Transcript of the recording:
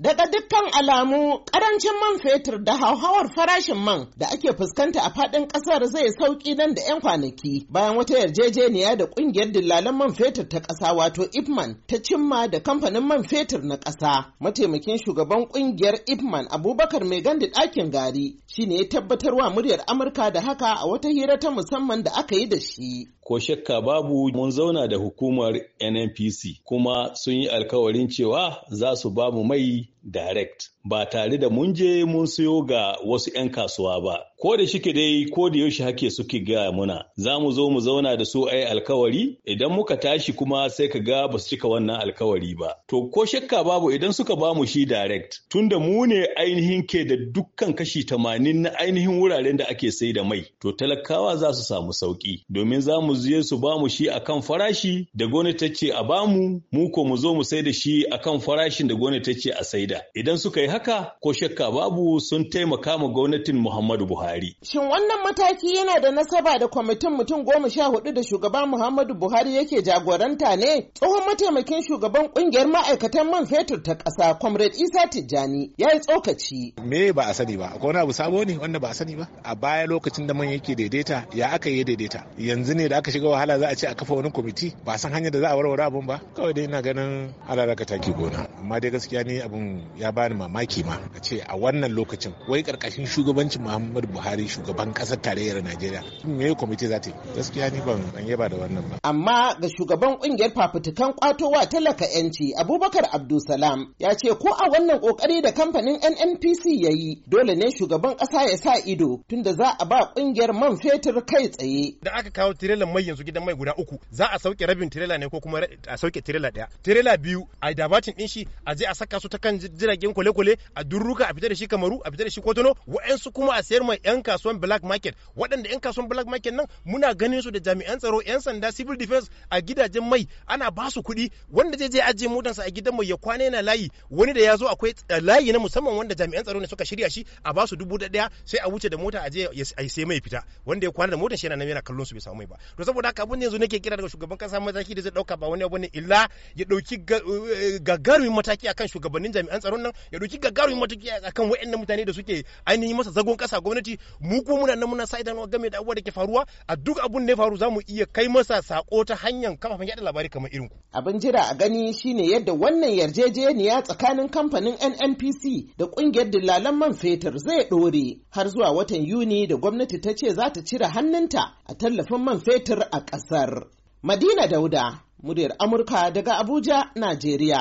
Daga dukkan alamu, ƙarancin man fetur da hauhawar farashin man da ake fuskanta a faɗin ƙasar zai sauƙi nan da 'yan kwanaki bayan wata yarjejeniya da ƙungiyar dillalan man fetur ta ƙasa wato IPMAN ta cimma da kamfanin man fetur na ƙasa. Mataimakin shugaban ƙungiyar IPMAN Abubakar Mai Gandi ɗakin gari shine ya tabbatarwa muryar Amurka da haka a wata hira ta musamman da aka yi da shi. ko shakka babu mun zauna da hukumar nnpc kuma sun yi alkawarin cewa za su ba mu mai direct ba tare da mun je mun siyo ga wasu 'yan kasuwa ba ko da shike dai ko da yaushe hake suke ga muna za mu zo mu zauna da su ai alkawari idan muka tashi kuma sai ka ga ba su cika wannan alkawari ba to ko shakka babu idan suka ba mu shi direct tunda mu ne ainihin ke da dukkan kashi tamanin na ainihin wuraren da ake sai da mai to talakawa za su samu sauki domin za mu je su ba mu shi akan farashi da gwamnati a bamu mu ko mu zo mu sai da shi akan farashin da gwamnati a saida idan suka yi haka ko shakka babu sun taimaka ma gwamnatin Muhammadu Buhari Buhari. Shin wannan mataki yana da nasaba da kwamitin mutum goma sha hudu da shugaban Muhammadu Buhari yake jagoranta ne? Tsohon mataimakin shugaban kungiyar ma'aikatan man fetur ta ƙasa, Comrade Isa Tijjani, ya yi tsokaci. Me ba a sani ba, akwai wani abu sabo ne wanda ba a sani ba. A baya lokacin da man yake daidaita, ya aka yi daidaita. Yanzu ne da aka shiga wahala za a ce a kafa wani kwamiti, ba san hanyar da za a warware abun ba. Kawai dai ina ganin alalaka taki gona. Amma dai gaskiya ne abun ya bani mamaki ma. A ce a wannan lokacin, wai karkashin shugabancin Muhammadu buhari shugaban kasar tarayyar najeriya me kwamiti za ta yi gaskiya ni ban ban yaba da wannan ba amma ga shugaban kungiyar fafutukan kwatowa talaka yanci abubakar abdulsalam ya ce ko a wannan kokari da kamfanin nnpc ya yi dole ne shugaban kasa ya sa ido tunda za a ba kungiyar man fetur kai tsaye da aka kawo tirelan mai yanzu gidan mai guda uku za a sauke rabin tirela ne ko kuma a sauke tirela daya tirela biyu a dabacin din shi a je a saka su ta kan jiragen kwale-kwale a durruka a fita da shi kamaru a fita da shi kotono wa'ansu kuma a sayar mai 'yan kasuwan black market waɗanda 'yan kasuwan black market nan muna ganin su da jami'an tsaro 'yan sanda civil defense a gidajen mai ana ba su kuɗi wanda zai je ajiye motarsa a gidan mai ya kwana yana layi wani da ya zo akwai eh, layi na musamman wanda jami'an tsaro ne suka shirya shi a ba su dubu ɗaya sai a wuce da mota a je a yi sai mai fita wanda ya kwana da motar shi yana nan yana kallon su bai samu mai ba to saboda haka abin yanzu nake kira daga shugaban kasa mataki da zai ɗauka ba wani abu ne illa ya ɗauki eh, gagarumin mataki akan shugabannin jami'an tsaron nan ya ɗauki gagarumin mataki akan waɗannan mutane da suke ainihin masa zagon kasa gwamnati mu ko muna nan muna sa idanuwa game da abubuwa da ke faruwa a duk abun da ya faru zamu iya kai masa sako ta hanyar kafafen yada labari kamar irin ku abin jira a gani shine yadda wannan yarjejeniya tsakanin kamfanin NNPC da kungiyar dillalan man fetur zai dore har zuwa watan Yuni da gwamnati ta ce za ta cire hannunta a tallafin man fetur a kasar Madina Dauda muryar Amurka daga Abuja Najeriya